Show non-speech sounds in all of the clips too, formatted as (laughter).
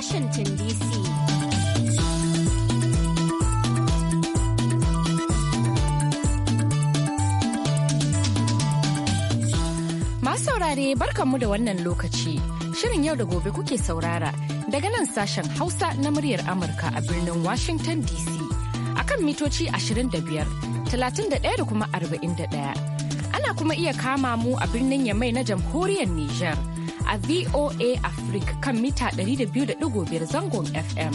Washington DC. Masu saurare barkanmu da wannan lokaci. Shirin yau da gobe kuke saurara daga nan sashen Hausa na muryar Amurka a birnin Washington DC. Akan mitoci 25, 31 da kuma 41. Ana kuma iya kama mu a birnin Yamai na jamhuriyar Nijar. a VOA Africa kan mita 200.5 zangon FM.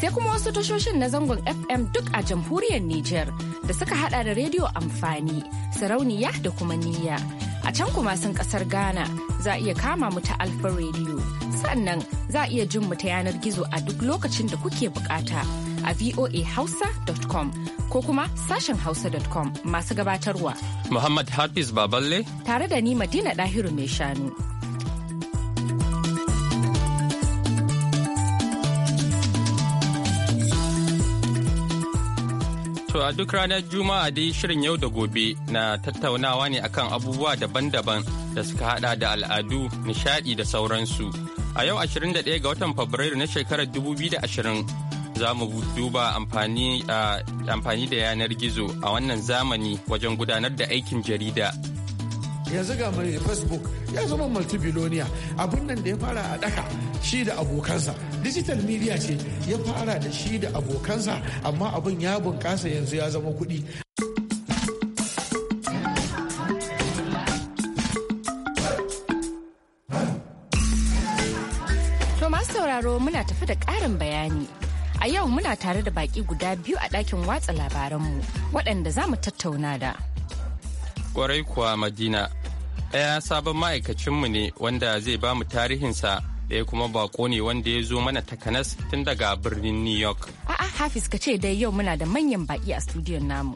Sai kuma wasu tashoshin na zangon FM duk a jamhuriyar Nijar da suka hada da rediyo amfani, sarauniya da kuma niyya. A can kuma sun kasar Ghana za a iya kama mu ta Alfa rediyo Sannan za a iya jin mu ta yanar gizo a duk lokacin da kuke bukata a voahausa.com ko kuma sashen hausa.com masu gabatarwa. Muhammad Hafiz Baballe. Tare da ni Madina Dahiru mai shanu. To a duk ranar Juma'a dai shirin yau da gobe na tattaunawa ne akan abubuwa daban-daban da suka hada da al'adu, nishadi da sauransu. A yau 21 ga watan Fabrairu na shekarar 2020 za mu duba amfani da yanar gizo a wannan zamani wajen gudanar da aikin jarida. yanzu ga mai facebook ya zama multibiloniya abin nan da ya fara a daka shi da abokansa digital media ce ya fara da shi da abokansa amma abin ya bunƙasa yanzu ya zama kuɗi sauraro muna tafi da ƙarin bayani a yau muna tare da baƙi guda biyu a ɗakin watsa labaranmu waɗanda za mu tattauna da. Kwarai kuwa Madina, ɗaya sabon ma'aikacinmu ne wanda zai ba mu tarihinsa ɗaya kuma bako ne wanda ya zo mana takanas tun daga birnin New York. A'a Hafiz ka ce dai yau muna da manyan baƙi a studiyon namu.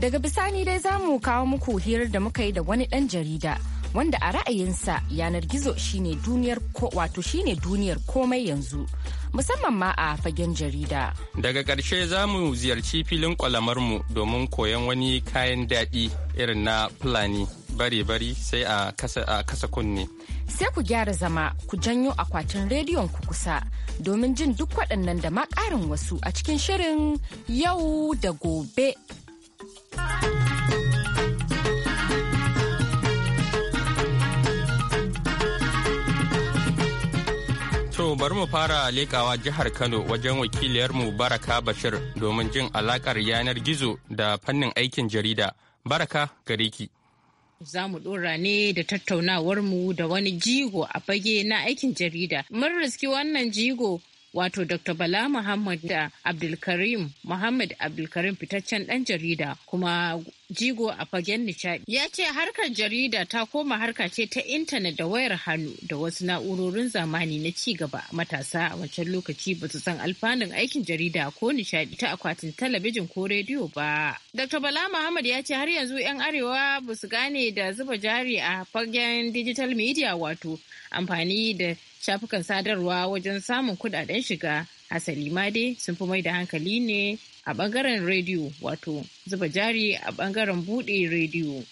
Daga bisani dai za mu kawo muku hirar da muka yi da wani ɗan jarida. wanda a ra'ayinsa yanar gizo shine duniyar ko wato shine duniyar komai yanzu musamman ma a fagen jarida. Daga ƙarshe za mu ziyarci filin kwalamar mu domin koyon wani kayan daɗi irin na Fulani bare-bari sai a kasa kunne. Sai ku gyara zama ku janyo akwatin rediyon ku kusa domin jin duk waɗannan da ma ƙarin wasu a cikin shirin yau da gobe. bari mu fara lekawa jihar Kano wajen mu Baraka Bashir domin jin alakar yanar gizo da fannin aikin jarida. Baraka gare ki. Za mu ɗora ne da tattaunawar mu da wani jigo a fage na aikin jarida. Mun riski wannan jigo wato Dr. Bala Muhammad da Abdulkarim Muhammad Abdulkarim fitaccen ɗan jarida kuma jigo a fagen nishaɗi. Ya ce harkar jarida ta koma harka ce ta intanet da wayar hannu da wasu na'urorin zamani na ci gaba matasa a wancan lokaci ba su san alfanun aikin jarida ko nishaɗi ta akwatin talabijin ko rediyo ba. Dr. Bala Muhammad ya ce har yanzu 'yan arewa ba su gane da zuba jari a fagen digital media wato amfani da shafukan sadarwa wajen samun kudaden shiga hasali ma dai sun fi mai da hankali ne a bangaren rediyo wato zuba jari a bangaren buɗe rediyo.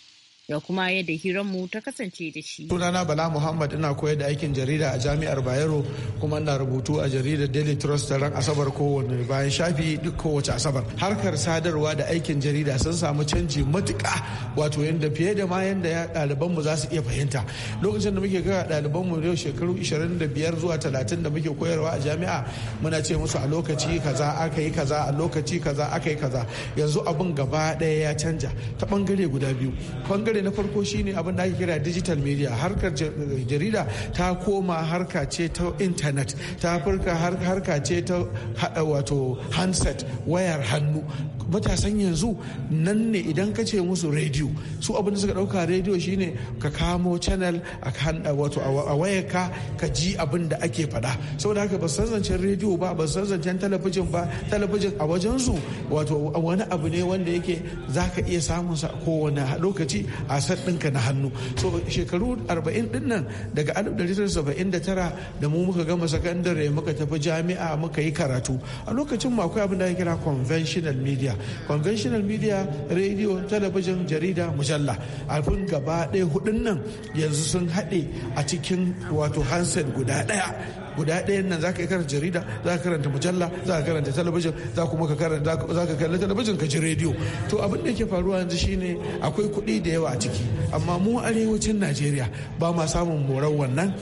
da kuma yadda hiranmu ta kasance da shi. Sunana Bala Muhammad ina koyar da aikin jarida a jami'ar Bayero kuma ina rubutu a jaridar Daily Trust ran Asabar kowane bayan shafi duk kowace Asabar. Harkar sadarwa da aikin jarida sun samu canji matuka wato yadda fiye da ma yadda ɗaliban za su iya fahimta. Lokacin da muke ga ɗaliban mu yau shekaru 25 zuwa 30 da muke koyarwa a jami'a muna ce musu a lokaci kaza aka yi kaza a lokaci kaza aka yi kaza yanzu abin gaba ɗaya ya canja ta ɓangare guda biyu. bangare na farko shine abin da ake kira digital media harkar jarida ta koma harka ce ta intanet ta farka harka ce ta wato handset wayar hannu matasan yanzu nan ne idan ka ce musu rediyo su abin da suka dauka rediyo shine ka kamo channel a wato a wayarka ka ji abin da ake faɗa saboda haka ba san zancen rediyo ba ba san zancen talabijin ba talabijin a wajen su wato wani abu ne wanda yake zaka iya samun sa kowane lokaci a sat ɗinka na hannu so shekaru 40 din nan daga 1979 da mu muka gama sakandare muka tafi jami'a muka yi karatu a lokacin mu akwai abin da ake kira conventional media conventional media radio talabijin jarida mujalla abin gaba ɗaya hudun nan yanzu sun haɗe a cikin wato handset guda ɗaya guda ɗaya nan za ka karanta jarida za ka karanta mujalla za ka karanta talabijin za kuma ka karanta kalli talabijin ka ji rediyo to abin da ke faruwa yanzu shine akwai kuɗi da yawa a ciki amma mu arewacin najeriya ba ma samun morar wannan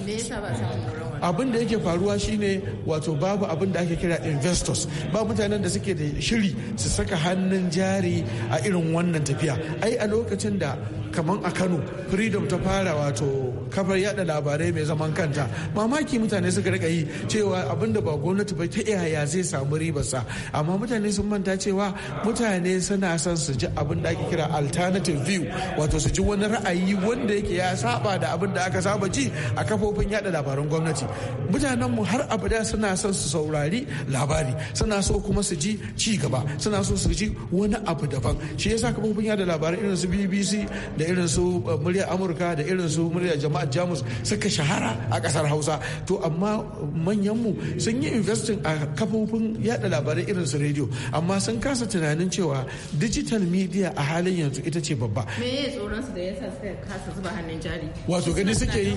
abin da yake faruwa shine wato babu abin da ake kira investors ba mutanen da suke da shiri su saka hannun jari a irin wannan tafiya ai a lokacin da kamar a kano freedom ta fara wato kafar yada labarai mai zaman kanta mamaki mutane suka rika yi cewa abinda ba gwamnati ba ta iya zai samu sa amma mutane sun manta cewa mutane suna son su ji abin da ake kira alternative view wato su ji wani ra'ayi wanda yake ya saba da abin da aka saba ji a kafofin yada labaran gwamnati mutanen mu har abada suna son su saurari labari suna so kuma su ji ci gaba suna so su ji wani abu daban shi yasa kafofin yada labarai irin su BBC da da irin su uh, muryar amurka da irin su muryar jama'ar jamus suka shahara a kasar hausa to amma manyanmu sun yi investing a kafofin yada labarai irin su rediyo amma sun kasa tunanin cewa digital media a halin yanzu ita ce babba me ya tsoron su da yasa suka kasa zuba hannun jari wato gani suke yi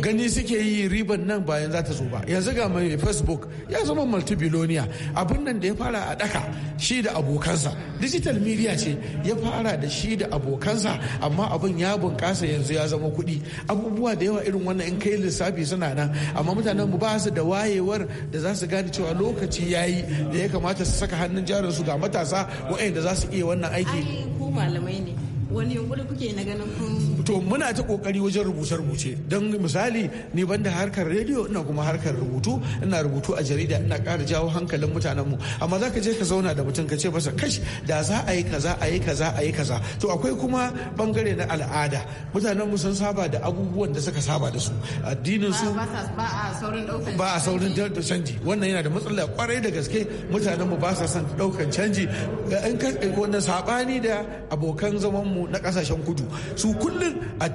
gani suke yi riban nan bayan za ta zo ba yanzu ga mai facebook ya zama multibiloniya abin nan da ya fara a daka shi da abokansa digital media ce ya fara da shi da abokansa amma abin ya bunkasa yanzu ya zama kuɗi abubuwa da yawa irin wannan in kai lissafi suna nan amma mutanen mu ba su da wayewar da za su gane cewa lokaci ya yi da ya kamata su saka hannun jarin su ga matasa waɗanda za su iya wannan aiki malamai ne wani yunkuri kuke na ganin kun to muna ta kokari wajen rubuce rubuce don misali ni banda harkar rediyo ina kuma harkar rubutu ina rubutu a jarida ina kara jawo hankalin mutanen mu amma zaka je ka zauna da mutum ka ce masa kash da za a yi kaza a yi kaza a yi kaza to akwai kuma bangare na al'ada mutanen mu sun saba da abubuwan da suka saba da su addinin su ba a saurin da canji wannan yana da matsala kwarai da gaske mutanen mu ba sa son daukan canji in ka wannan sabani da abokan zaman mu na kasashen kudu su kullum a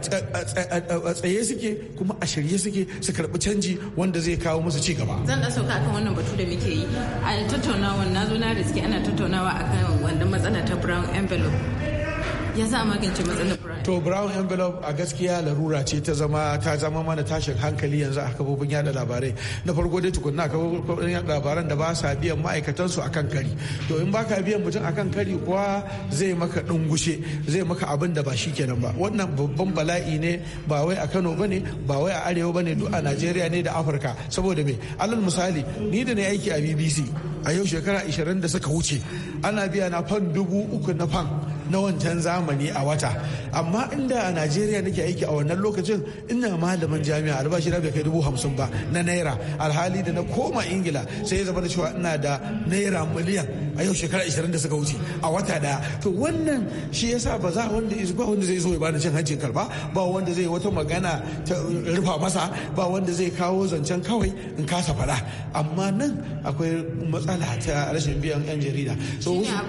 tsaye suke kuma a shirye suke su karbi canji wanda zai kawo musu ci gaba zan da sauka akan wannan batu da muke yi a tattaunawa na zo na riski ana tattaunawa akan wannan matsala ta brown envelope ya za a magance matsalar brown to brown envelope a gaskiya larura ce ta zama ta zama mana tashin hankali yanzu a kafofin yada labarai na farko dai tukunna kafofin yada labaran da ba sa biyan ma'aikatansu akan kari to in baka biyan mutum akan kari kuwa zai maka dungushe zai maka abin da ba shi kenan ba wannan babban bala'i ne ba wai a Kano bane ba wai a Arewa bane duk a Najeriya ne da Afirka saboda me alal misali ni da na aiki a BBC a yau shekara 20 da suka wuce ana biya na fan dubu uku na fan na wancan zamani a wata amma inda a najeriya nake aiki a wannan lokacin ina malamin jami'a albashi na bai kai dubu hamsin ba na naira alhali da na koma ingila sai ya zama da cewa ina da naira miliyan a yau shekara ishirin da suka wuce a wata daya to wannan shi yasa ba za wanda ba wanda zai zo ya bani cin hancin karba ba wanda zai wata magana ta rufa masa ba wanda zai kawo zancen kawai in kasa faɗa amma nan akwai matsala ta rashin biyan yan jarida so uh,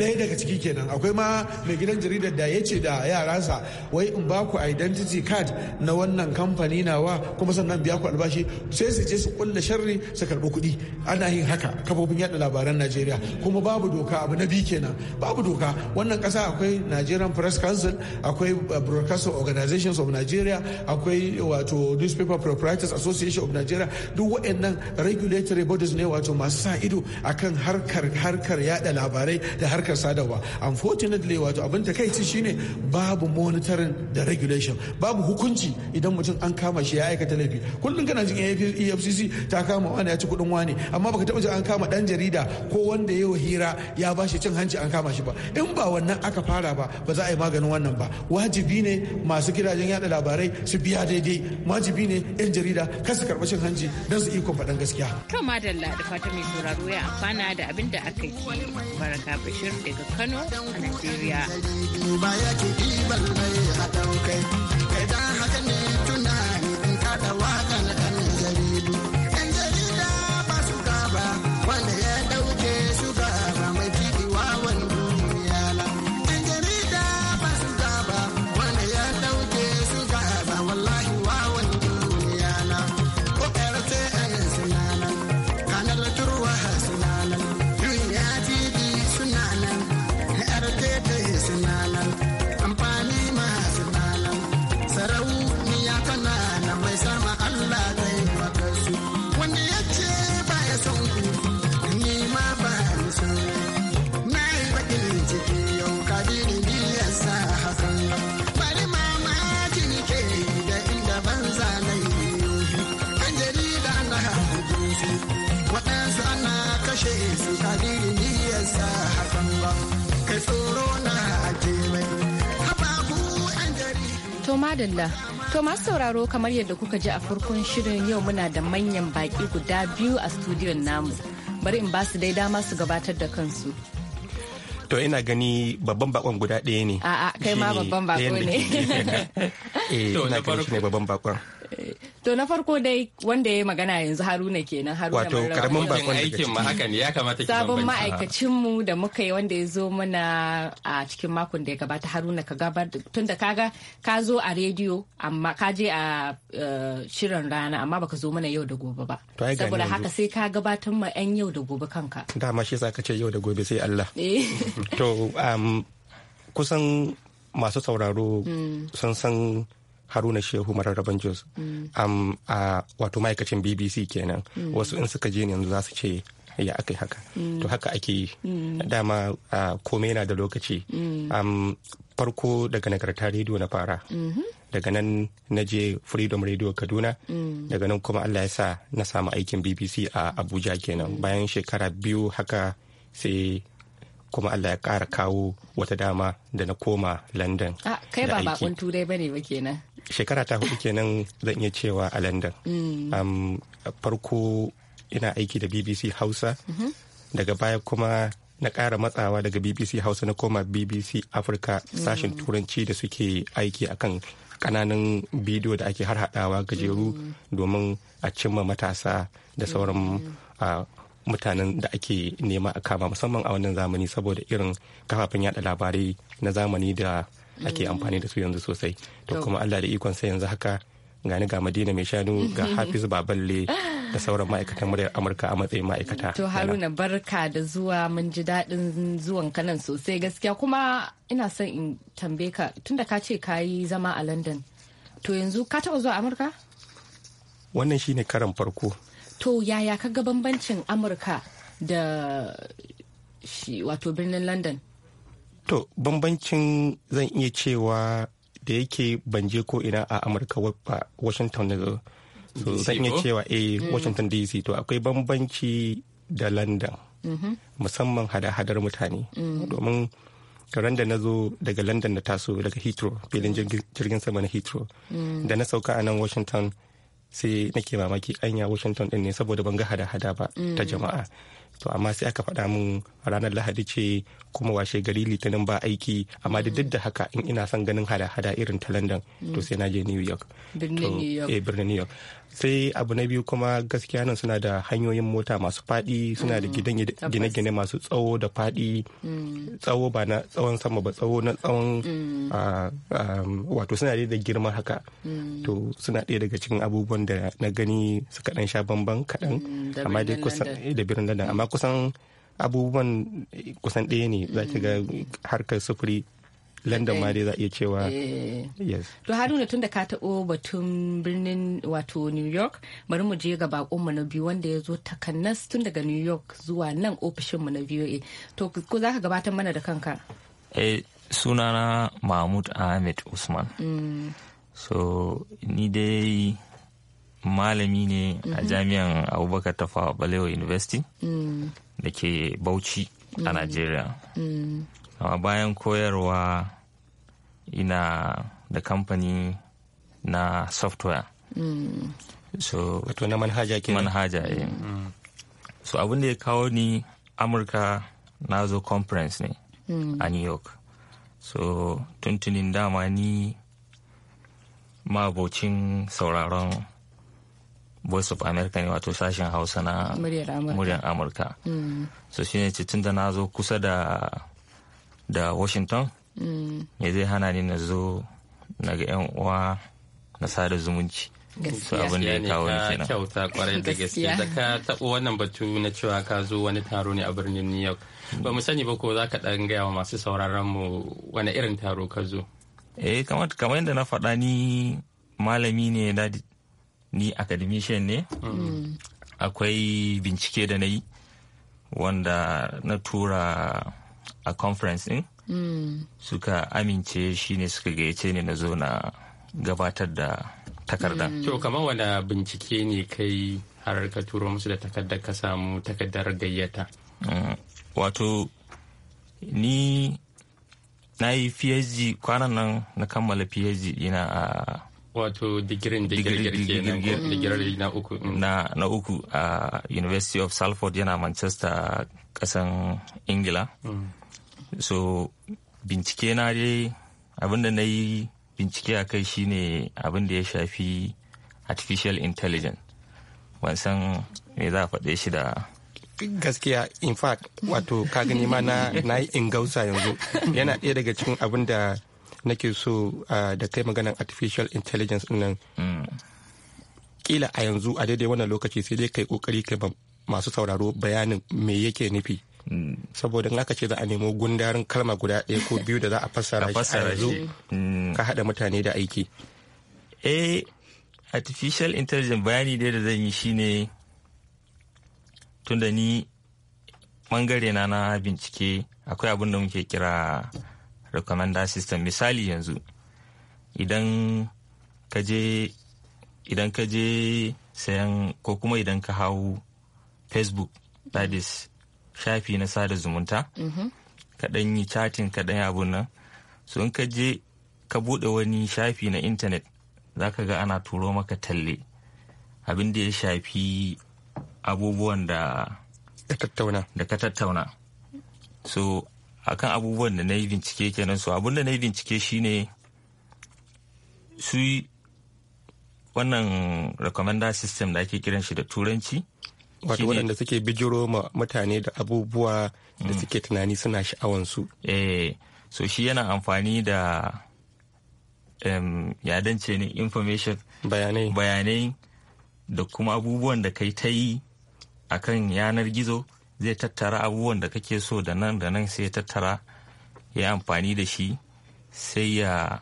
ɗaya daga ciki kenan akwai ma mai gidan jaridar da ya ce da yaransa wai in ba ku identity card na wannan kamfani nawa kuma sannan biya ku albashi sai su je su kulla sharri su karbi kuɗi ana yin haka kafofin yada labaran najeriya kuma babu doka abu na biyu kenan babu doka wannan ƙasa akwai nigerian press council akwai uh, broadcast organizations of nigeria akwai wato newspaper proprietors association of nigeria duk waɗannan regulatory bodies ne wato masu sa ido akan harkar harkar yada labarai da harkar sadarwa unfortunately wato abin ta kai ne babu monitoring da regulation babu hukunci idan mutum an kama shi ya aikata laifi kullum kana jin efcc ta kama wani ya ci kudin wani amma baka taba jin an kama dan jarida ko wanda ya hira ya ba shi cin hanci an kama shi ba in ba wannan aka fara ba ba za a yi maganin wannan ba wajibi ne masu gidajen yada labarai su biya daidai wajibi ne yan jarida kar su karɓi cin hanci don su iko faɗan gaskiya kama da da fata mai sauraro ya amfana da abin da aka yi baraka bashir daga kano Kano a Najeriya. kashe su kadi niyarsa hakan ba kai tsoro na ake to madalla To masu sauraro kamar yadda kuka ji a farkon shirin yau muna da manyan baki guda biyu a studiyon namu. Bari in ba su dai dama su gabatar da kansu. To ina gani babban bakon guda ɗaya ne. A'a kai ma babban bako ne. Eh ina gani shi ne babban bakon. (laughs) To na farko dai wanda ya magana yanzu Haruna kenan Haruna Wato karamin bakon aikin ke haka ne ya kamata ki Sabon ma'aikacin mu da muka yi wanda ya zo mana a cikin makon da ya gabata Haruna ka gabar tunda kaga ka zo a rediyo amma ka je a eh, shirin rana amma baka zo mana yau da gobe ba. Saboda haka sai ka gabatar ma yan yau da gobe kanka. Dama shi zaka ce yau da gobe sai Allah. (laughs) Eh. To um, kusan masu sauraro hmm. sun san haruna shehu mararraban jos mm. a wato ma'aikacin bbc kenan mm. wasu in suka je ne yanzu za su ce ya aka yi haka mm. to haka ake yi dama komai yana da lokaci farko daga nagarta rediyo na fara mm-hmm. daga nan na je freedom radio kaduna daga nan kuma allah ya sa na samu aikin bbc a abuja kenan bayan shekara biyu haka sai kuma Allah ya kara kawo wata dama da na koma London. Ah, kai ba bakon turai bane ba kenan. shekara ta hudu kenan zan iya cewa a london mm. farko ina aiki da bbc hausa mm-hmm. daga baya kuma na kara matsawa daga bbc hausa na koma bbc afirka sashen mm. turanci da suke aiki akan kananan bidiyo da ake harhaɗawa gajeru mm. domin a cimma matasa da sauran mutanen da ake nema a kama musamman a wannan zamani saboda irin kafafen yada labarai na zamani da ake amfani da su yanzu sosai to kuma allah da ikon sai yanzu haka gani ga madina mai shanu ga (laughs) hafiz baballe da sauran ma'aikatan muryar amurka a matsayin ma'aikata to haruna barka da zuwa mun ji daɗin zuwan kanan sosai gaskiya kuma ina son in tambaye ka tunda ka ce ka yi zama a london to yanzu ka taɓa zuwa amurka wannan shine karan farko to yaya ka ga bambancin amurka da shi wato birnin london To bambancin zan iya cewa da yake ban je ko ina a Amurka ba Washington na so zan iya cewa eh mm. Washington DC to akwai bambanci da London mm-hmm. musamman hada-hadar mutane mm. domin karen da na zo daga London na taso daga Heathrow filin jirgin sama na Heathrow mm. da na sauka a nan Washington sai nake mamaki anya Washington din ne saboda ban ga hada-hada ba ta jama'a to amma sai aka faɗa min ranar lahadi ce kuma washe gari litinin ba aiki amma da duk da haka in ina son ganin hada-hada irin ta london to sai na je new york birnin eh, new york sai abu na biyu kuma gaskiya nan suna da hanyoyin mota masu faɗi suna da mm, gidan gine-gine masu tsawo da faɗi mm. tsawo ba na tsawon sama ba tsawo na tsawon mm. ah, ah, wato suna da girma haka to suna ɗaya daga cikin abubuwan da na gani suka ɗan sha bamban kaɗan amma dai kusa eh, da birnin london amma kusan abubuwan kusan ɗaya ne za ki ga mm. harkar sufuri london ma dai za iya cewa eh. yes to haruna tun da ka taɓo batun birnin wato new york bari mu je ga bakon na biyu wanda ya zo takannas tun daga new york zuwa nan ofishin ofishinmu na voa to ko za ka gabatar mana da kanka eh sunana mahmud ahmed usman mm. so ni dai malami ne a mhm. jami'an abubakar tafawa balewa university mm. da ke bauchi a mm. nigeria mm. amma bayan koyarwa ina da kamfani na software wato na manhaja ke manhaja eh. so abin da ya kawo ni amurka na zo conference ne a new york so tuntunin dama ni mabocin sauraron voice of america ne wato sashen hausa na muryar amurka mm. so shine ce tun da na zo kusa da da washington mm. me zai hana ni na zo na ga yan uwa na sada zumunci su abin da ya kawo ne kenan kyauta kwarai da gaske da ka taɓo wannan batu na cewa ka zo wani taro ne a birnin new york ba mu sani ba ko za ka ɗan gaya wa masu sauraron mu wani irin taro ka zo eh kamar yadda na faɗa ni malami ne ni academician ne akwai bincike da na yi wanda na tura a conference din suka amince shi ne suka gayyace ne na zo na gabatar da takarda. To kamar wanda bincike ne kai har ka turo musu da takardar ka samu takardar gayyata. Mm, wato ni na yi PhD kwanan nan na kammala PhD dina a wato digirin digirgir na uku mm. na uku a university of salford yana manchester kasan ingila mm. so bincike na dai abinda na yi bincike a kai shine abin da ya shafi artificial intelligence wansan me za a faɗe shi da gaskiya in fact wato ka gani ma na yi ingausa yanzu yana ɗaya daga cikin abin da nake so ah, da kai maganan artificial intelligence nan mm. kila a yanzu a daidai wannan lokaci sai dai kai kokari kai masu sauraro bayanin me yake nufi mm. saboda in aka ce za a nemo gundarin kalma guda ɗaya ko biyu da za a fassara shi a yanzu mm. ka haɗa mutane da aiki eh artificial intelligence bayani dai da zan yi shine tunda ni bangare na na bincike akwai abin da muke kira recommender system misali yanzu idan ka je idan ka je sayan ko kuma idan ka hau facebook that is shafi na sada zumunta mhm. kaɗan yi chatting kaɗan abun nan so in ka je ka buɗe wani shafi na intanet za ka ga ana turo maka talle abin da ya shafi abubuwan da da ka tattauna so akan abubuwan da na yi bincike kenan su abin da na yi bincike shine su wannan recommender system da ake kiran shi da turanci wato waɗanda suke bijiro ma mutane da abubuwa da mm. suke tunani suna sha'awansu eh so shi yana amfani da um, ya ne information bayanai bayanai da kuma abubuwan da kai ta yi a yanar gizo zai tattara abubuwan da kake so da nan da nan sai ya tattara ya amfani da shi sai ya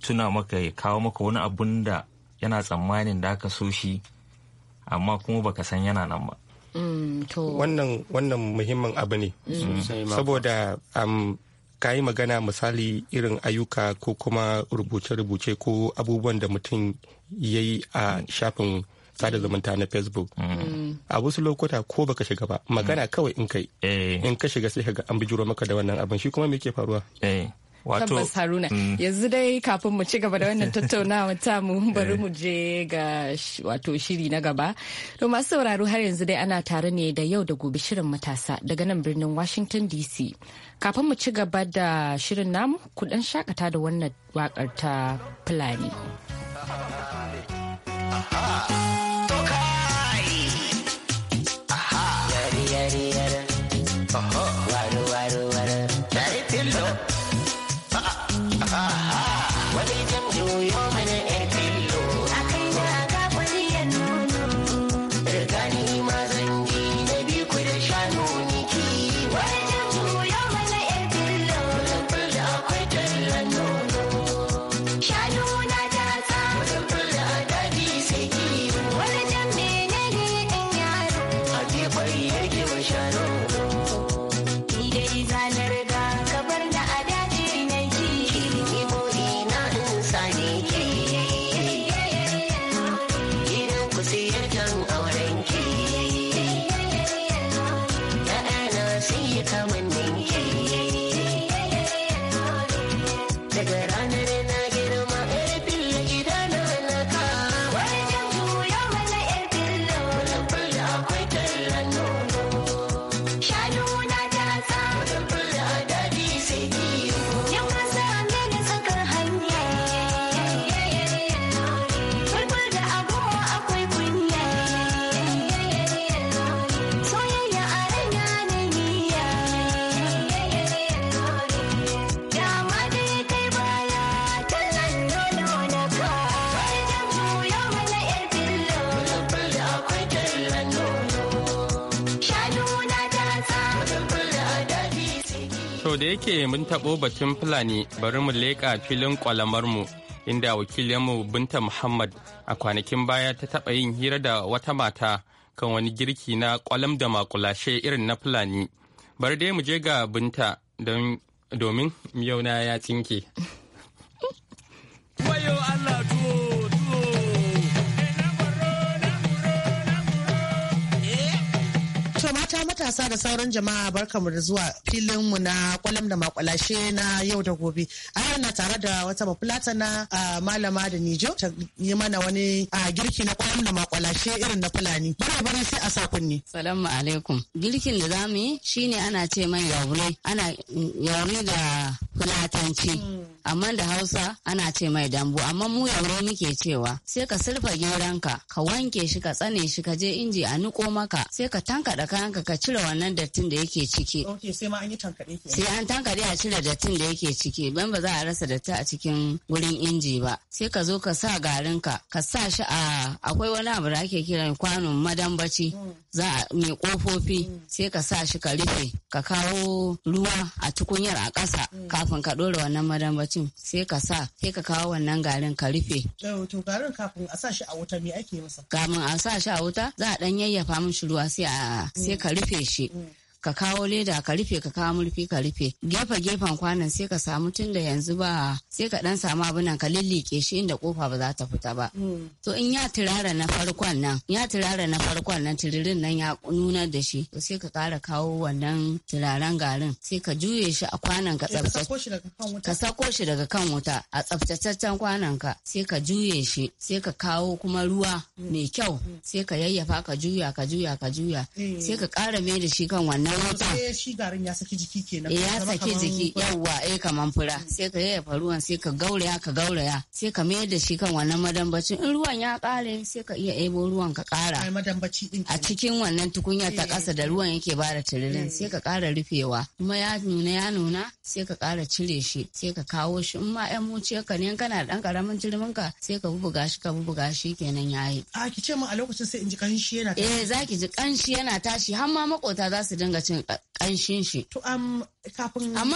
tuna maka ya kawo maka wani abun da yana tsammanin da aka so shi amma kuma baka san yana nan ba mm, wannan wannan muhimmin abu ne mm. saboda um, ka yi magana misali irin ayyuka ko kuma rubuce-rubuce ko abubuwan da mutum ya yi a shafin sada zumunta na facebook mm. a wasu lokuta ko baka shiga ba magana mm. kawai in kai eh. in ka shiga sai ka an bijiro maka da wannan abin shi kuma me ke faruwa eh. wato tabbas haruna mm. yanzu dai kafin mu ci gaba da wannan (laughs) tattaunawa ta mu bari eh. mu je ga wato shiri na gaba to masu sauraro har yanzu dai ana tare ne da yau da gobe shirin matasa daga nan birnin washington dc kafin mu ci gaba da shirin namu ku dan shakata da wannan wakar ta fulani Aha. yake mun taɓo batun Fulani bari mu leƙa filin mu inda wakilinmu Binta Muhammad a kwanakin baya ta taɓa yin hira da wata mata kan wani girki na ƙwalam da makulashe irin na Fulani. Bari dai mu je ga Binta domin yau na ya tsinke. matasa da sauran jama'a barkamu da zuwa filinmu na kwalam da makwalashe na yau da gobe. A yau na tare da wata bafulata na malama da Nijo ta yi mana wani girki na kwalam da makwalashe irin na Fulani. Bara bari sai a sakunni. Salamu alaikum. Girkin da zamu yi shine ana ce mai yaure. Ana yaure da Fulatanci. Hmm. Amma da Hausa ana ce mai dambu amma mu yaure muke cewa sai ka sirfa geranka ka wanke shi ka tsane shi ka je inji a niko maka sai ka tankaɗa kayanka ka cire wannan dattin da yake ciki. Okay sai ma an yi tankaɗe ke. Sai an tankaɗe a cire dattin da yake ciki, ban ba za a rasa datti a cikin wurin inji ba. Sai ka zo ka sa garin ka, ka sa shi a akwai wani abu da ake kiran kwanon madambaci. Mm. Za a mai kofofi mm. sai ka sa shi ka rufe, ka kawo ruwa a tukunyar a ƙasa mm. kafin ka ɗora wannan madambacin sai ka sa sai ka kawo wannan garin ka rufe. To garin kafin a sa shi a wuta me ake masa? Kamin a sa shi a wuta za a ɗan yayyafa mishi ruwa sai a sai ka rufe cire shi ka kawo leda ka rufe ka kawo murfi ka rufe gefe gefen kwanan sai ka samu tun da yanzu ba sai ka dan samu abin nan ka lillike shi inda kofa ba za ta fita ba hmm. to in ya turara na farkon nan ya turara na farkon nan tiririn nan ya nuna da shi to sai ka kara kawo wannan turaren garin sai ka juye shi a kwanan ka tsaftace ka sako shi daga kan wuta a tsaftataccen kwanan ka sai ka juye shi sai ka kawo kuma ruwa hmm. mai kyau hmm. sai ka yayyafa ka juya ka juya ka juya sai ka kara mai da shi kan wannan sai shi garin ya saki jiki kenan ya saki jiki yawwa eh kaman fura sai ka yayyafa ruwan sai ka gauraya ka gauraya sai ka mayar da shi kan wannan madambaci. in ruwan ya kare sai ka iya ebo ruwan ka kara a cikin wannan tukunya ta kasa da eh. ruwan yake bada tiririn sai ka kara rufewa kuma ya nuna ya nuna sai ka kara cire shi sai ka kawo shi in ma yan muciya ka ne kana da dan karamin turmin ka sai ka bubuga shi ka bubuga shi kenan yayi a ki ce mu a lokacin sai in ji kanshi yana eh zaki ji kanshi yana tashi har ma makota za su dinga lokacin kanshin shi. Amma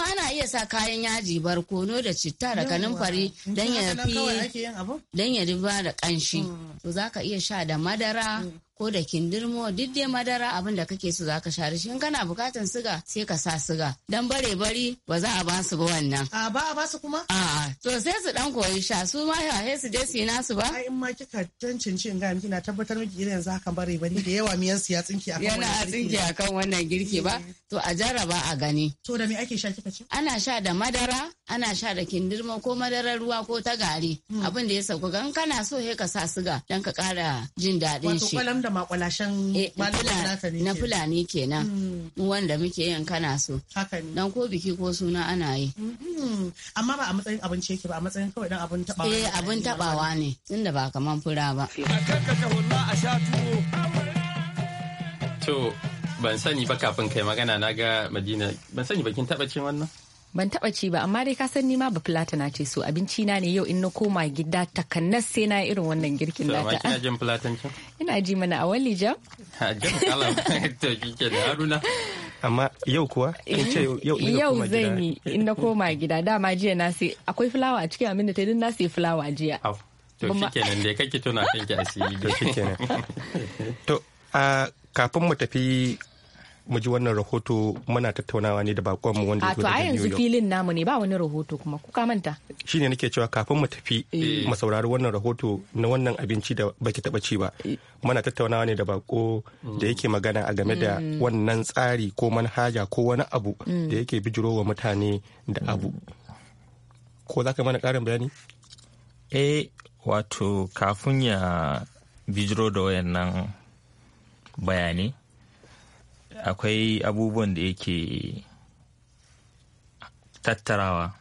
ana iya sa kayan yaji barkono da citta da fari don ya fi don ya riba da ƙanshi mm. To za ka iya sha da madara mm. ko da kindirmo duk dai madara abin da kake so zaka share shi in kana bukatan siga sai ka sa siga dan bare bari ba za a ba su ba wannan a ba a basu kuma a to sai su dan koyi sha su ma ya su dai su nasu ba ai in ma kika cancanci in ga miki na tabbatar miki irin yanzu haka, bare bari da yawa miyan su ya tsinki akan yana a tsinki akan wannan girki ba eh. to a jarraba a gani to da me ake sha kika ce ana sha da madara ana sha da kindirma ko madarar ruwa ko ta gari hmm. abin da ya sauka gan kana so he ka sa siga dan ka kara jin daɗin shi wato da makwalashen eh, na fulani kenan hmm. wanda muke yin kana so dan ko biki ko suna ana yi hmm. amma ba a matsayin abinci yake ba a matsayin kawai dan abin tabawa eh abin tabawa ne tunda ba kaman fura ba a sha tuwo to ban sani ba kafin kai magana na ga madina ban sani ba kin taba cin wannan ban taba ci ba amma dai ka san ni ma ba na ce so abinci na ne yau in na koma gida takannas sai na irin wannan girkin nata. Ta jin filatancin? (laughs) Ina ji mana a wali jam. Ha jam kala (laughs) to kike da haruna. Amma yau kuwa kin ce yau in na koma gida. Yau zan yi in na koma gida dama jiya na sai akwai fulawa a cikin amin da ta yi na sai fulawa jiya. To shikenan dai kake tona kanki asiri da shikenan. (laughs) To a kafin mu tafi mu ji wannan rahoto muna tattaunawa ne da bakon mu wanda to a yanzu filin namu ne ba wani rahoto kuma kuka manta shine nake cewa kafin mu tafi eh. mu saurari wannan rahoto na wannan abinci da baki taba ci ba eh. muna tattaunawa ne da bako da yake magana a game da mm. wannan tsari ko manhaja ko wani abu mm. da yake wa mutane da mm. abu ko za ka mana karin bayani eh wato kafin ya bijiro da wayannan bayani akwai abubuwan da yake tattarawa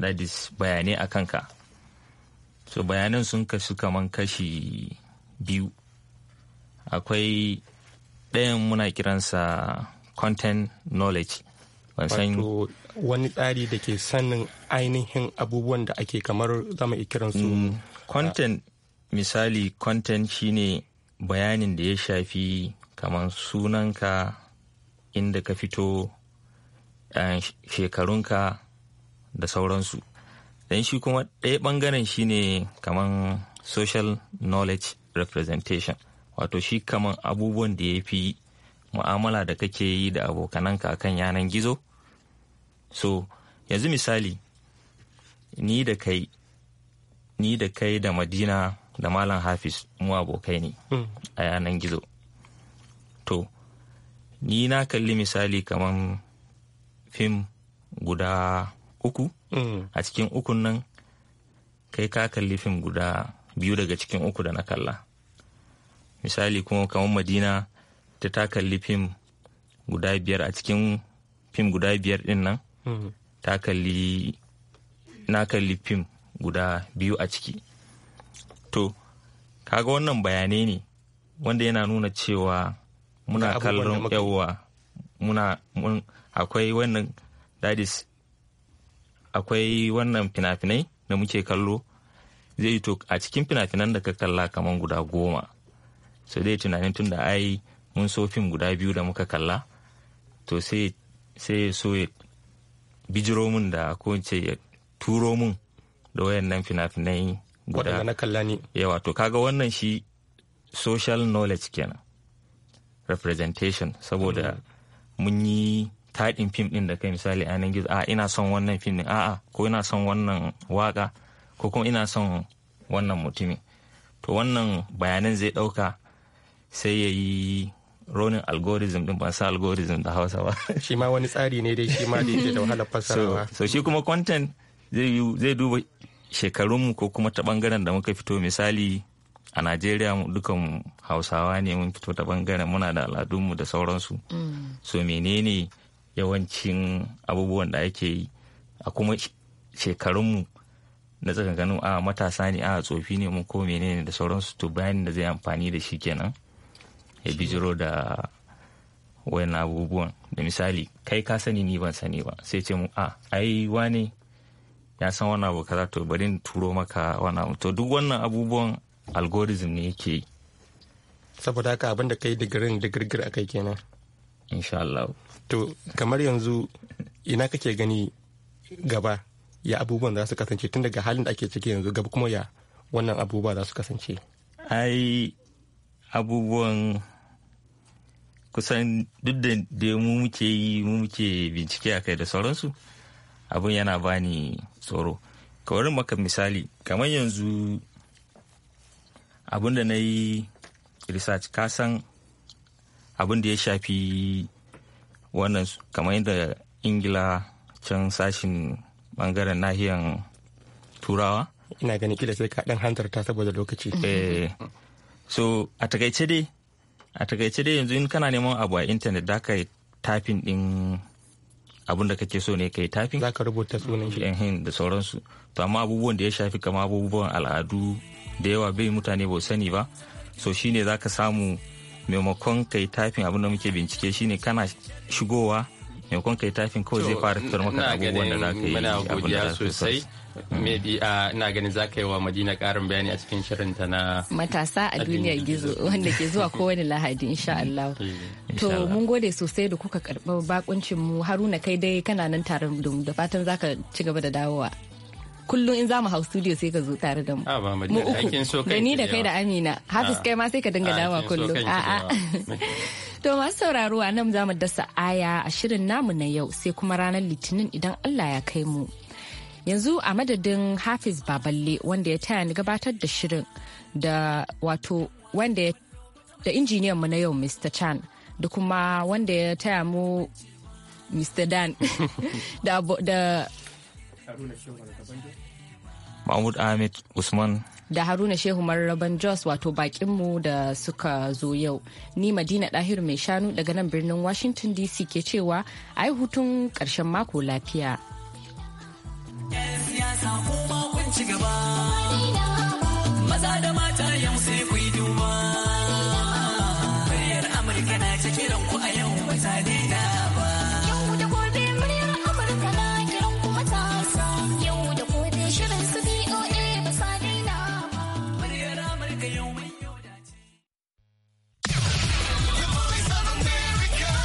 that is bayanai a kanka so bayanan sun kasu kamar kashi biyu akwai ɗayan muna kiransa content knowledge wato wani tsari da ke sanin ainihin abubuwan da ake kamar zama kiransu mm, ah, content misali content shine bayanin da ya shafi kamar sunanka inda ka fito eh, shekarunka da sauransu dan shi kuma ɗaya ɓangaren shi ne kamar social knowledge representation wato shi kamar abubuwan da ya fi mu'amala da kake yi da abokananka akan yanan gizo so yanzu misali ni da kai ni da kai da madina da malam hafiz mu abokai ne hmm. a yanan gizo to ni na kalli misali kamar fim guda uku mm. a cikin ukun nan kai ka kalli fim guda biyu daga cikin uku da na kalla misali kuma kamar madina ta ta kalli fim guda biyar a cikin fim guda biyar din nan mm. ta kalli na kalli fim guda biyu a ciki to kaga wannan bayanai ne wanda yana nuna cewa muna kallon yawwa muna akwai wannan dadis akwai wannan fina-finai da muke kallo zai to a cikin fina-finan da ka kalla kamar guda goma so zai tunanin tun da ai mun so fim guda biyu da muka kalla to sai sai so ya bijiro mun da ko ce ya turo mun da wayannan fina-finai guda na kalla ne yawa to kaga wannan shi social knowledge kenan representation saboda hmm. mun yi taɗin fim ɗin da kai misali a gizo a ina son wannan fim ɗin a'a ko ina son wannan waka ko kuma ina son wannan mutumin to wannan bayanan zai ɗauka sai ya yi ronin algorithm ɗin ban sa algorithm da hausa ba (laughs) shi ma wani tsari ne dai shi ma da yake da wahalar fassarawa so shi kuma content zai duba shekarunmu ko kuma ta bangaren da muka fito misali a najeriya dukan hausawa ne mun fito ta bangaren muna da al'adunmu da sauransu so menene yawancin abubuwan da ake yi a kuma shekarunmu na tsakan ganin a matasa ne a tsofi ne mun ko menene da sauransu to bayanin da zai amfani da shi kenan ya bijiro da wayan abubuwan da misali kai ka sani ni ban sani ba sai ce mu a ai wane ya san wani abu kaza to bari turo maka wani abu to duk wannan abubuwan algorithm ne yake yi saboda haka abinda da kai digirin digirgir akai kenan insha Allah to kamar yanzu ina kake gani gaba ya abubuwan za su kasance tun daga halin da ake ciki yanzu gaba kuma ya wannan abubuwa za su kasance ai abubuwan kusan duk da mu muke yi mu muke bincike a kai da sauransu abin yana bani tsoro kawarin maka misali kamar yanzu abin da na yi research kasan abin da ya shafi wannan kamar yadda ingila can sashin bangaren nahiyan turawa ina ganin kila sai ka dan hanzarta saboda lokaci eh, so a takaice dai a takaice dai yanzu in kana neman abu a intanet da ka yi tafin din abin da kake so ne kai tafi za ka rubuta sunan shi eh, hin da sauransu to amma abubuwan da ya shafi kama abubuwan al'adu da yawa bai mutane ba sani ba so shine za ka samu maimakon kai tafin abin da muke bincike shine kana shigowa maimakon kai tafin kawai zai fara fitar maka abubuwan da za ka yi abin da sosai maybe ina ganin za ka yi wa madina karin bayani a cikin shirin ta na matasa a duniyar gizo wanda ke zuwa (laughs) kowane lahadi insha mm, Allah eh, to mun gode sosai da kuka karɓi bakuncin mu haruna kai dai kana nan tare da mu da fatan zaka ci gaba da dawowa kullum in za mu hau studio sai ka zo tare da mu mu uku da ni da kai da amina ah. hafiz kai ma sai ka dinga ah, dawa kullum a'a (laughs) To masu sauraro a nan za mu dasa aya a shirin namu na yau sai kuma ranar litinin idan Allah ya kai mu. yanzu a madadin hafiz baballe wanda ya taya ni gabatar da shirin da wato wanda ya da injiniyan mu na yau mr chan da kuma wanda ya taya mu mr dan (laughs) da, da mahmud ahmed usman da haruna shehu marraban jos wato bakinmu da suka zo yau ni madina dahiru mai shanu daga nan birnin washington dc ke cewa a yi hutun ƙarshen mako lafiya Yan siyasa kuma kun ci gaba. Maza da